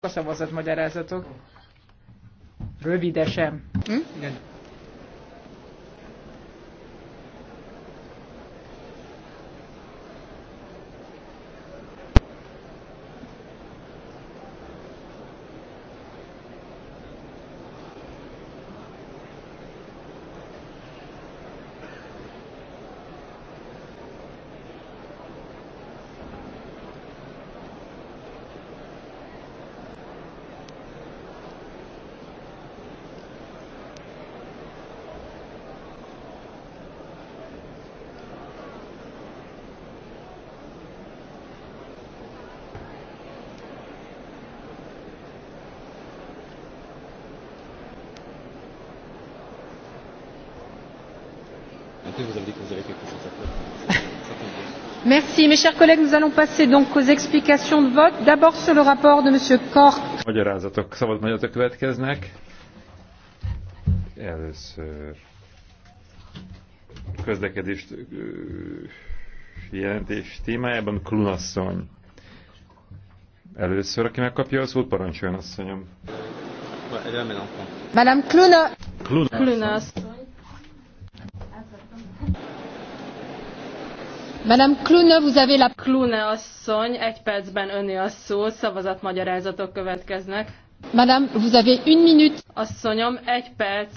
a szavazatmagyarázatok. Rövidesen. Hm? Igen. Merci, mes chers collègues. Nous allons passer donc aux explications de vote. D'abord sur le rapport de Monsieur Magyarázatok, szabad magyarázatok következnek. Először közlekedés jelentés témájában Klunasszony. Először, aki megkapja a szót, parancsoljon asszonyom. Madame Kluna. Madame Klune, vous avez la... Clune asszony, egy percben öné a szó, szavazatmagyarázatok következnek. Madame, vous avez une minute. Asszonyom, egy perc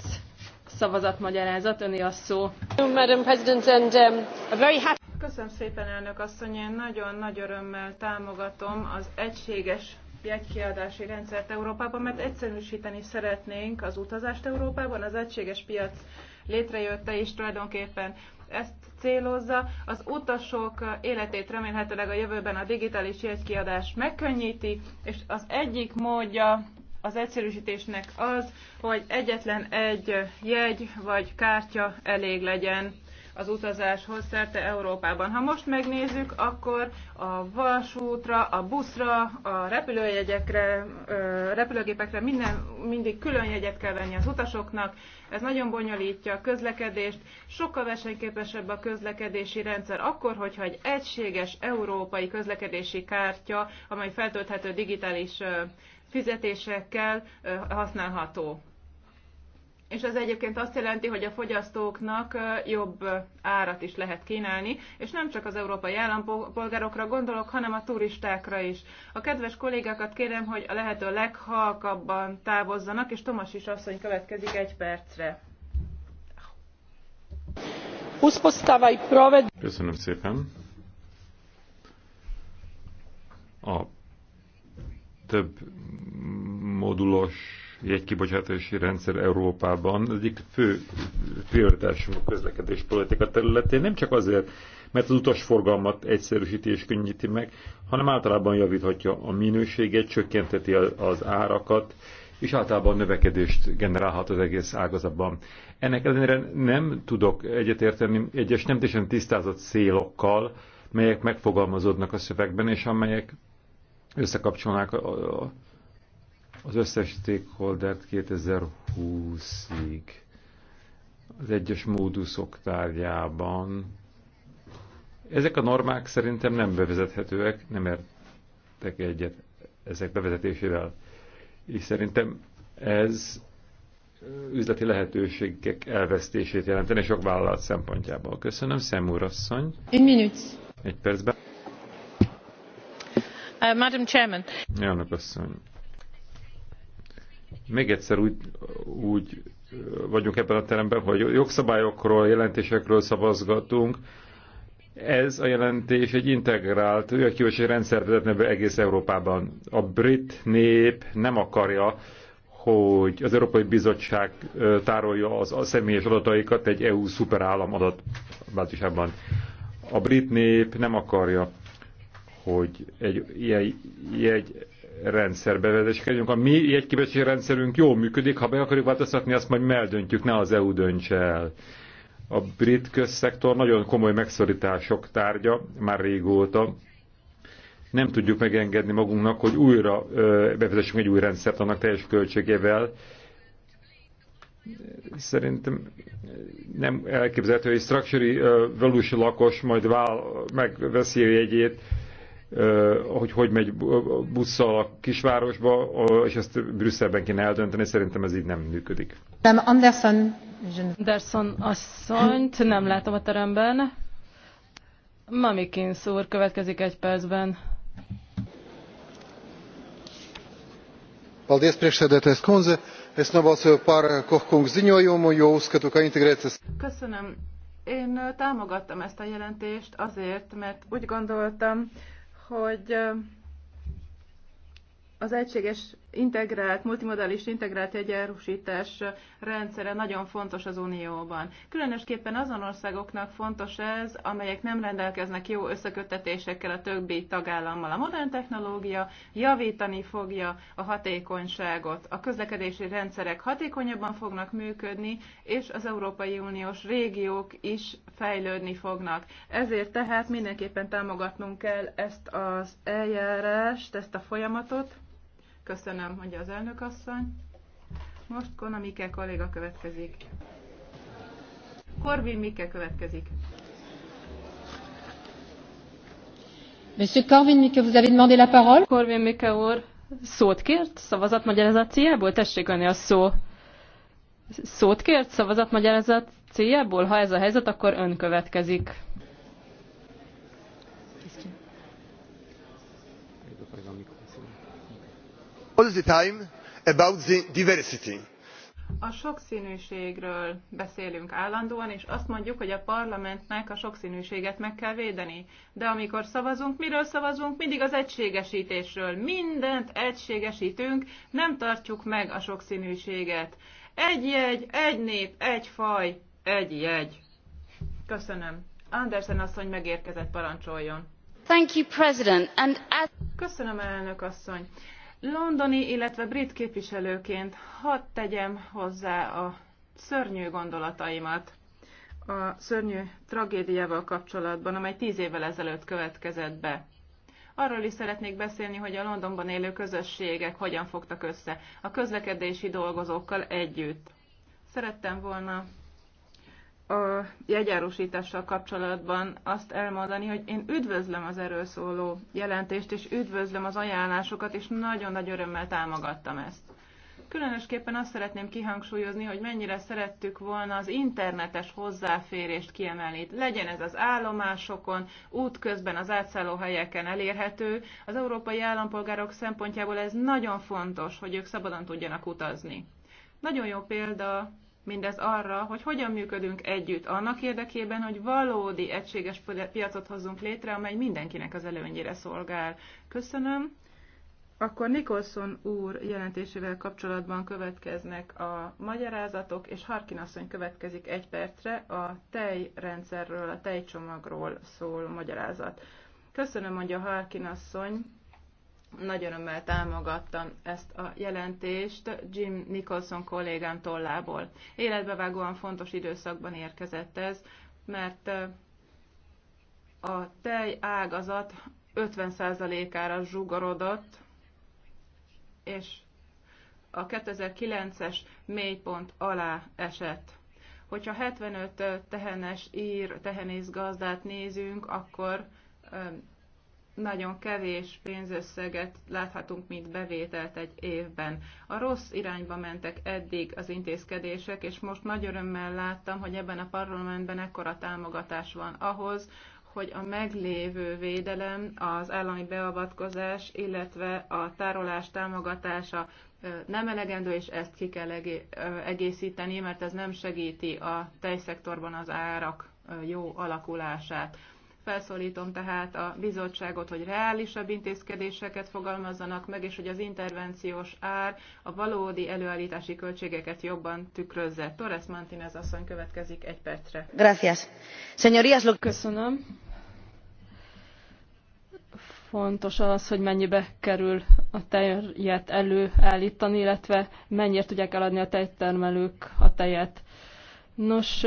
szavazatmagyarázat, öné a szó. Madam President, and, um, a very happy... Köszönöm szépen, elnök asszony, én nagyon nagy örömmel támogatom az egységes jegykiadási rendszert Európában, mert egyszerűsíteni szeretnénk az utazást Európában, az egységes piac létrejötte, és tulajdonképpen ezt célozza. Az utasok életét remélhetőleg a jövőben a digitális jegykiadás megkönnyíti, és az egyik módja az egyszerűsítésnek az, hogy egyetlen egy jegy vagy kártya elég legyen az utazáshoz szerte Európában. Ha most megnézzük, akkor a vasútra, a buszra, a repülőjegyekre, repülőgépekre minden, mindig külön jegyet kell venni az utasoknak. Ez nagyon bonyolítja a közlekedést. Sokkal versenyképesebb a közlekedési rendszer akkor, hogyha egy egységes európai közlekedési kártya, amely feltölthető digitális fizetésekkel használható és ez egyébként azt jelenti, hogy a fogyasztóknak jobb árat is lehet kínálni, és nem csak az európai állampolgárokra gondolok, hanem a turistákra is. A kedves kollégákat kérem, hogy a lehető leghalkabban távozzanak, és Tomas is asszony következik egy percre. Köszönöm szépen. A több modulos jegykibocsátási rendszer Európában az egyik fő prioritásunk a közlekedés politika területén, nem csak azért, mert az utasforgalmat egyszerűsíti és könnyíti meg, hanem általában javíthatja a minőséget, csökkenteti az árakat, és általában növekedést generálhat az egész ágazatban. Ennek ellenére nem tudok egyetérteni egyes nem teljesen tisztázott célokkal, melyek megfogalmazódnak a szövegben, és amelyek összekapcsolnák a, a, az összes stakeholdert 2020-ig az egyes móduszok tárgyában. Ezek a normák szerintem nem bevezethetőek, nem értek egyet ezek bevezetésével. És szerintem ez üzleti lehetőségek elvesztését jelenteni sok vállalat szempontjából. Köszönöm, Szem úrasszony. Egy minút. Egy percben. Uh, Madam Chairman. Elnök asszony még egyszer úgy, úgy vagyunk ebben a teremben, hogy jogszabályokról, jelentésekről szavazgatunk. Ez a jelentés egy integrált ökjósi rendszert vezetne be egész Európában. A brit nép nem akarja, hogy az Európai Bizottság tárolja az a személyes adataikat egy EU szuperállam adatbázisában. A brit nép nem akarja, hogy egy ilyen jegy rendszerbe vezeskedjünk. A mi jegykibecsi rendszerünk jól működik, ha be akarjuk változtatni, azt majd meldöntjük, ne az EU döntse el. A brit közszektor nagyon komoly megszorítások tárgya már régóta. Nem tudjuk megengedni magunknak, hogy újra bevezessünk egy új rendszert annak teljes költségével. Szerintem nem elképzelhető, hogy structure valós lakos majd vál, megveszi a jegyét, hogy hogy megy busszal a kisvárosba, és ezt Brüsszelben kéne eldönteni, szerintem ez így nem működik. Nem, Anderson. Anderson asszonyt nem látom a teremben. Mamikins úr következik egy percben. Paldies, priekšsēdētājs kundze. Es nobalsoju par Kohkungu ziņojumu, jo uzskatu, ka integrētas. Köszönöm. Én támogattam ezt a jelentést azért, mert úgy gondoltam, hogy az egységes integrált, multimodális integrált egyárusítás rendszere nagyon fontos az Unióban. Különösképpen azon országoknak fontos ez, amelyek nem rendelkeznek jó összekötetésekkel a többi tagállammal. A modern technológia javítani fogja a hatékonyságot, a közlekedési rendszerek hatékonyabban fognak működni, és az Európai Uniós régiók is fejlődni fognak. Ezért tehát mindenképpen támogatnunk kell ezt az eljárást, ezt a folyamatot, Köszönöm, hogy az elnök asszony. Most Konamike kolléga következik. Korvin Mikke következik. Monsieur Corvin Mikke, vous avez demandé la parole? Corvin Mikke úr szót kért szavazatmagyarázat céljából? Tessék önni a szó. Szót kért magyarázat céljából? Ha ez a helyzet, akkor ön következik. time about the diversity. A sokszínűségről beszélünk állandóan, és azt mondjuk, hogy a parlamentnek a sokszínűséget meg kell védeni. De amikor szavazunk, miről szavazunk? Mindig az egységesítésről. Mindent egységesítünk, nem tartjuk meg a sokszínűséget. Egy jegy, egy nép, egy faj, egy jegy. Köszönöm. Andersen asszony megérkezett, parancsoljon. Thank you, President. And as... Köszönöm, elnök asszony. Londoni, illetve brit képviselőként hadd tegyem hozzá a szörnyű gondolataimat a szörnyű tragédiával kapcsolatban, amely tíz évvel ezelőtt következett be. Arról is szeretnék beszélni, hogy a Londonban élő közösségek hogyan fogtak össze a közlekedési dolgozókkal együtt. Szerettem volna a jegyárusítással kapcsolatban azt elmondani, hogy én üdvözlöm az erről szóló jelentést, és üdvözlöm az ajánlásokat, és nagyon nagy örömmel támogattam ezt. Különösképpen azt szeretném kihangsúlyozni, hogy mennyire szerettük volna az internetes hozzáférést kiemelni. Legyen ez az állomásokon, útközben, az helyeken elérhető. Az európai állampolgárok szempontjából ez nagyon fontos, hogy ők szabadon tudjanak utazni. Nagyon jó példa mindez arra, hogy hogyan működünk együtt annak érdekében, hogy valódi egységes piacot hozzunk létre, amely mindenkinek az előnyére szolgál. Köszönöm. Akkor Nikolson úr jelentésével kapcsolatban következnek a magyarázatok, és Harkin asszony következik egy percre a tejrendszerről, a tejcsomagról szól magyarázat. Köszönöm, mondja Harkin asszony nagy örömmel támogattam ezt a jelentést Jim Nicholson kollégám tollából. Életbevágóan fontos időszakban érkezett ez, mert eh, a tej ágazat 50%-ára zsugorodott, és a 2009-es mélypont alá esett. Hogyha 75 tehenes ír, tehenész gazdát nézünk, akkor eh, nagyon kevés pénzösszeget láthatunk, mint bevételt egy évben. A rossz irányba mentek eddig az intézkedések, és most nagy örömmel láttam, hogy ebben a parlamentben ekkora támogatás van ahhoz, hogy a meglévő védelem, az állami beavatkozás, illetve a tárolás támogatása nem elegendő, és ezt ki kell egészíteni, mert ez nem segíti a tejszektorban az árak jó alakulását. Felszólítom tehát a bizottságot, hogy reálisabb intézkedéseket fogalmazzanak meg, és hogy az intervenciós ár a valódi előállítási költségeket jobban tükrözze. Torres Mantinez asszony következik egy percre. Gracias. Señorías, lo... Köszönöm. Fontos az, hogy mennyibe kerül a tejet előállítani, illetve mennyire tudják eladni a tejtermelők a tejet. Nos,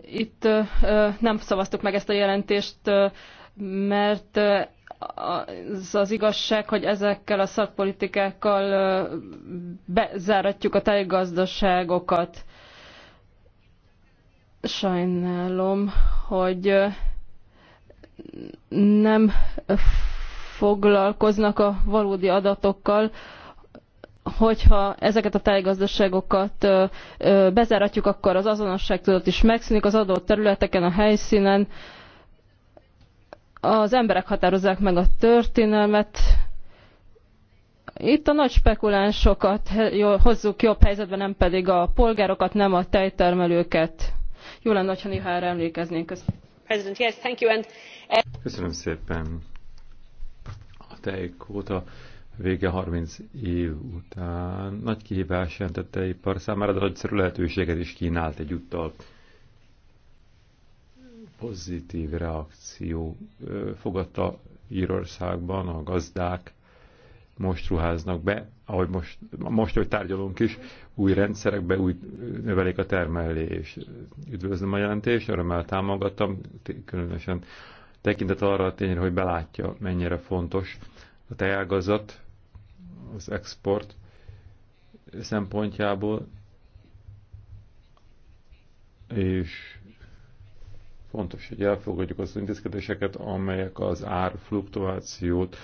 itt nem szavaztuk meg ezt a jelentést, mert az az igazság, hogy ezekkel a szakpolitikákkal bezáratjuk a tájgazdaságokat. Sajnálom, hogy nem foglalkoznak a valódi adatokkal, hogyha ezeket a tájgazdaságokat bezáratjuk, akkor az azonosságtudat is megszűnik az adott területeken, a helyszínen. Az emberek határozzák meg a történelmet. Itt a nagy spekulánsokat hozzuk jobb helyzetbe, nem pedig a polgárokat, nem a tejtermelőket. Jó lenne, ha néha erre emlékeznénk. Köszönöm. Uh, Köszönöm szépen. A tejkóta vége 30 év után nagy kihívás jelentette ipar számára, de nagyszerű lehetőséget is kínált egyúttal. Pozitív reakció fogadta Írországban a gazdák, most ruháznak be, ahogy most, most hogy tárgyalunk is, új rendszerekbe új növelik a termelés. Üdvözlöm a jelentést, örömmel támogattam, különösen tekintet arra a tényre, hogy belátja, mennyire fontos a tejágazat az export szempontjából, és fontos, hogy elfogadjuk az intézkedéseket, amelyek az ár fluktuációt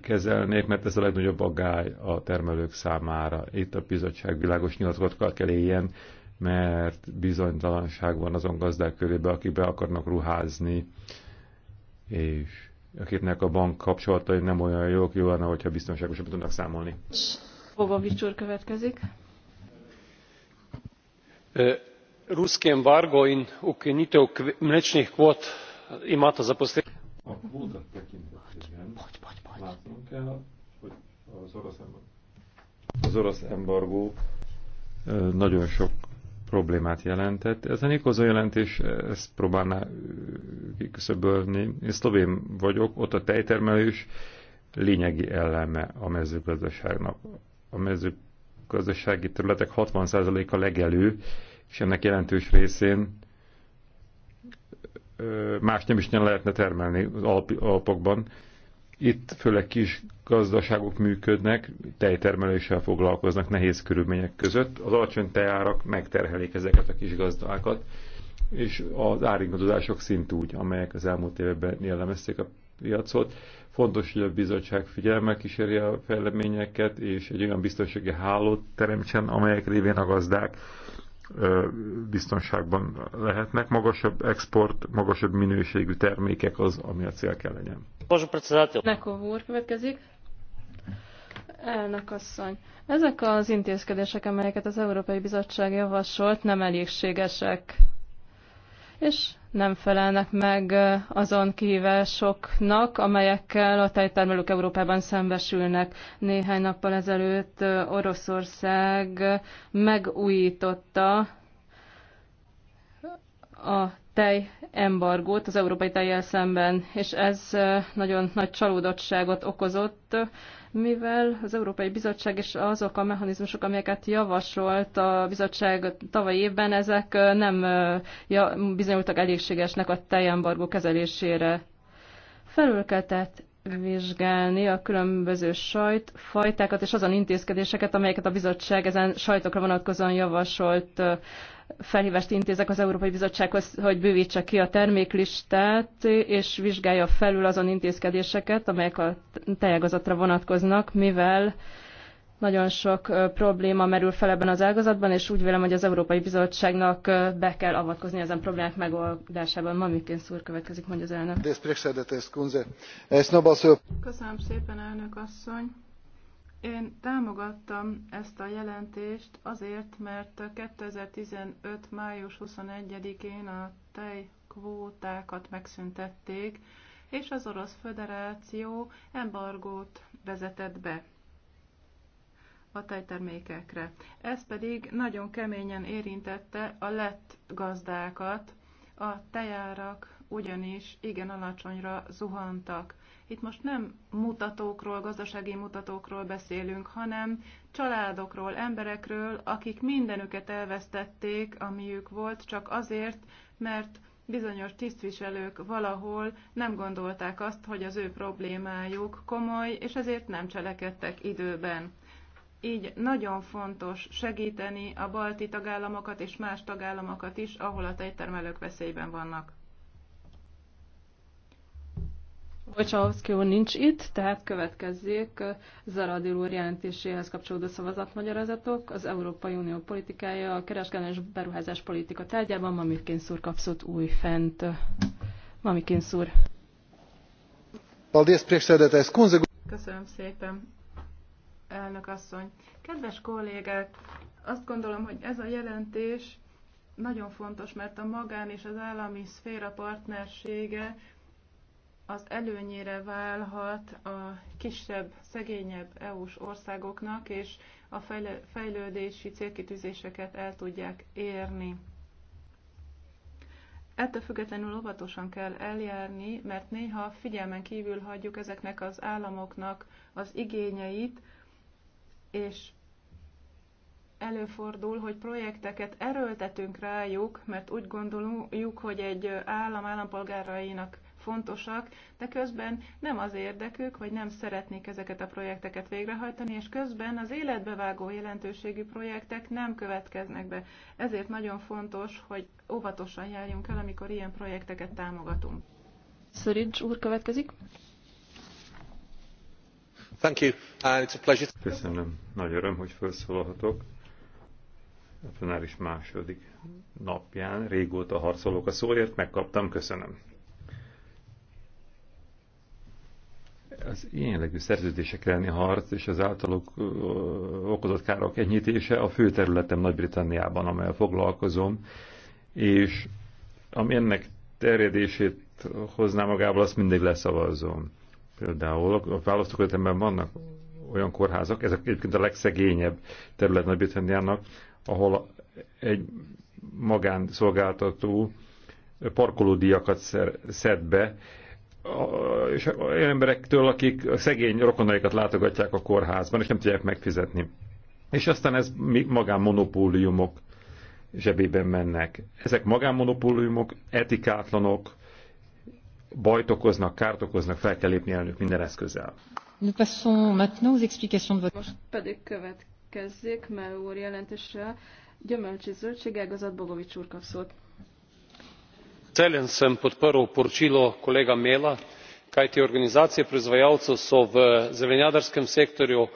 kezelnék, mert ez a legnagyobb aggály a termelők számára. Itt a bizottság világos nyilatkozatokkal kell éljen, mert bizonytalanság van azon gazdák körében, akik be akarnak ruházni, és akiknek a bank kapcsolatai nem olyan jók, jó lenne, hogyha biztonságosabb tudnak számolni. Hova Vicsúr következik. Ruszkén Vargoin, in ukinitev mlečnih kvot imata za posledico. A kvóta tekintetében látnunk kell, hogy az orosz, embargo, az orosz embargó nagyon sok problémát jelentett. Ez a Nikozó jelentés ezt próbálná kiküszöbölni. Én szlovén vagyok, ott a tejtermelés lényegi eleme a mezőgazdaságnak. A mezőgazdasági területek 60%-a legelő, és ennek jelentős részén más nem is nem lehetne termelni az Alp Alpokban. Itt főleg kis gazdaságok működnek, tejtermeléssel foglalkoznak nehéz körülmények között. Az alacsony tejárak megterhelik ezeket a kis gazdákat, és az áringadozások szintúgy, amelyek az elmúlt években jellemezték a piacot. Fontos, hogy a bizottság figyelme kíséri a fejleményeket, és egy olyan biztonsági hálót teremtsen, amelyek révén a gazdák biztonságban lehetnek. Magasabb export, magasabb minőségű termékek az, ami a cél kell legyen. Nekov úr következik. Elnök asszony, ezek az intézkedések, amelyeket az Európai Bizottság javasolt, nem elégségesek és nem felelnek meg azon kihívásoknak, amelyekkel a tejtermelők Európában szembesülnek. Néhány nappal ezelőtt Oroszország megújította a tejembargót az európai tejjel szemben, és ez nagyon nagy csalódottságot okozott, mivel az Európai Bizottság és azok a mechanizmusok, amelyeket javasolt a bizottság tavaly évben, ezek nem bizonyultak elégségesnek a tejembargó kezelésére. Felül kell tehát vizsgálni a különböző sajtfajtákat és azon intézkedéseket, amelyeket a bizottság ezen sajtokra vonatkozóan javasolt felhívást intézek az Európai Bizottsághoz, hogy bővítse ki a terméklistát, és vizsgálja felül azon intézkedéseket, amelyek a tejágazatra vonatkoznak, mivel nagyon sok probléma merül fel ebben az ágazatban, és úgy vélem, hogy az Európai Bizottságnak be kell avatkozni ezen problémák megoldásában. Mamikén szúr következik, mondja az elnök. Köszönöm szépen, elnök asszony. Én támogattam ezt a jelentést azért, mert 2015. május 21-én a tejkvótákat megszüntették, és az Orosz Föderáció embargót vezetett be a tejtermékekre. Ez pedig nagyon keményen érintette a lett gazdákat, a tejárak ugyanis igen alacsonyra zuhantak. Itt most nem mutatókról, gazdasági mutatókról beszélünk, hanem családokról, emberekről, akik mindenüket elvesztették, amiük volt, csak azért, mert bizonyos tisztviselők valahol nem gondolták azt, hogy az ő problémájuk komoly, és ezért nem cselekedtek időben. Így nagyon fontos segíteni a balti tagállamokat és más tagállamokat is, ahol a tejtermelők veszélyben vannak. Wojciechowski úr nincs itt, tehát következzék eh, Zaradi úr jelentéséhez kapcsolódó szavazatmagyarázatok. Az Európai Unió politikája a kereskedelmi és beruházás politika tárgyában Mamikén szúr kapszott új fent. Mamikén szúr. Köszönöm szépen, elnök asszony. Kedves kollégák, azt gondolom, hogy ez a jelentés nagyon fontos, mert a magán és az állami szféra partnersége az előnyére válhat a kisebb, szegényebb EU-s országoknak, és a fejlődési célkitűzéseket el tudják érni. Ettől függetlenül óvatosan kell eljárni, mert néha figyelmen kívül hagyjuk ezeknek az államoknak az igényeit, és előfordul, hogy projekteket erőltetünk rájuk, mert úgy gondoljuk, hogy egy állam állampolgárainak fontosak, de közben nem az érdekük, vagy nem szeretnék ezeket a projekteket végrehajtani, és közben az életbevágó jelentőségű projektek nem következnek be. Ezért nagyon fontos, hogy óvatosan járjunk el, amikor ilyen projekteket támogatunk. Szörincs úr következik. Thank you. Uh, it's a pleasure. Köszönöm. Nagy öröm, hogy felszólalhatok a is második napján. Régóta harcolok a szóért, megkaptam, köszönöm. az ilyen jellegű szerződések elleni harc és az általuk okozott károk enyhítése a fő területem Nagy-Britanniában, amely foglalkozom, és ami ennek terjedését hozná magával, azt mindig leszavazom. Például a választókötetemben vannak olyan kórházak, ezek egyébként a legszegényebb terület Nagy-Britanniának, ahol egy magánszolgáltató parkolódiakat szed be, és olyan emberektől, akik szegény rokonaikat látogatják a kórházban, és nem tudják megfizetni. És aztán ez magánmonopóliumok zsebében mennek. Ezek magánmonopóliumok, etikátlanok, bajt okoznak, kárt okoznak, fel kell lépni elnök minden eszközzel. Most pedig következzék Mel úr jelentésre. Gyümölcsi zöldségágazat Bogovics úr kap z veseljem sem podprl poročilo kolega mela kajti organizacije proizvajalcev so v zelenjadarskem sektorju.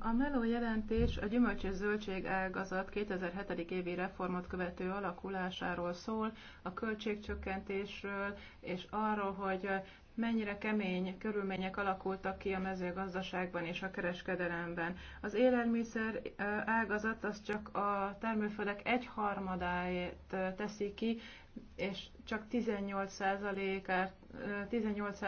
a melo jelentés a gyümölcs és zöldségágazat two thousand and seven évi reformot követő alakulásáról szól a költségcsökkentésről és arról hogy mennyire kemény körülmények alakultak ki a mezőgazdaságban és a kereskedelemben. Az élelmiszer ágazat az csak a termőföldek egyharmadáért teszi ki, és csak 18%-ért 18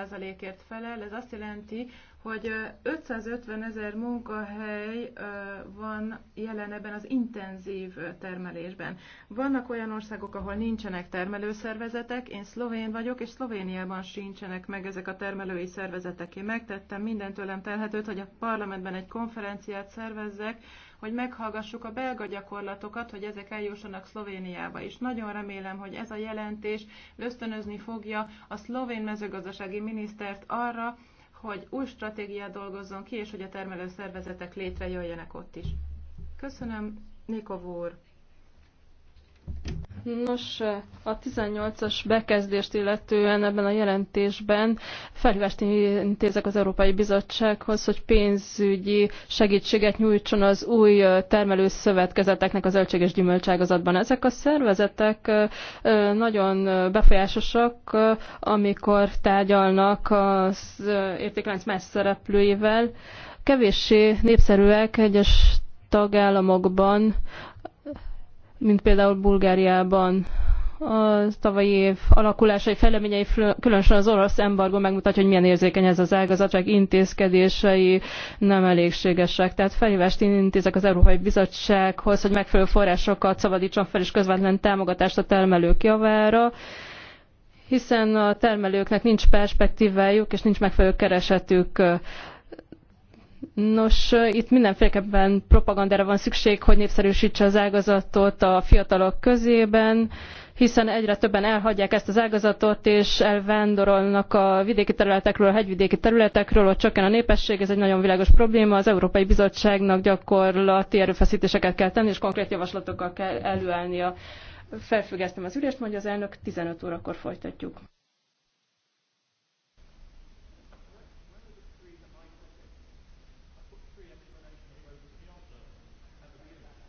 felel. Ez azt jelenti, hogy 550 ezer munkahely van jelen ebben az intenzív termelésben. Vannak olyan országok, ahol nincsenek termelőszervezetek, én szlovén vagyok, és Szlovéniában sincsenek meg ezek a termelői szervezetek. Én megtettem mindentőlem telhetőt, hogy a parlamentben egy konferenciát szervezzek, hogy meghallgassuk a belga gyakorlatokat, hogy ezek eljussanak Szlovéniába is. Nagyon remélem, hogy ez a jelentés ösztönözni fogja a szlovén mezőgazdasági minisztert arra, hogy új stratégiát dolgozzon ki, és hogy a termelő szervezetek létrejöjjenek ott is. Köszönöm, Nikov úr! Nos, a 18-as bekezdést illetően ebben a jelentésben felhívást intézek az Európai Bizottsághoz, hogy pénzügyi segítséget nyújtson az új termelőszövetkezeteknek az zöldség és gyümölcságazatban. Ezek a szervezetek nagyon befolyásosak, amikor tárgyalnak az értéklánc más szereplőivel. Kevéssé népszerűek egyes tagállamokban mint például Bulgáriában a tavalyi év alakulásai, fejleményei, különösen az orosz embargó megmutatja, hogy milyen érzékeny ez az ágazatság intézkedései nem elégségesek. Tehát felhívást intézek az Európai Bizottsághoz, hogy megfelelő forrásokat szabadítson fel és közvetlen támogatást a termelők javára hiszen a termelőknek nincs perspektívájuk és nincs megfelelő keresetük. Nos, itt mindenféleképpen propagandára van szükség, hogy népszerűsítse az ágazatot a fiatalok közében, hiszen egyre többen elhagyják ezt az ágazatot, és elvándorolnak a vidéki területekről, a hegyvidéki területekről, ott csökken a népesség, ez egy nagyon világos probléma. Az Európai Bizottságnak gyakorlati erőfeszítéseket kell tenni, és konkrét javaslatokkal kell előállnia. Felfüggesztem az ülést, mondja az elnök, 15 órakor folytatjuk.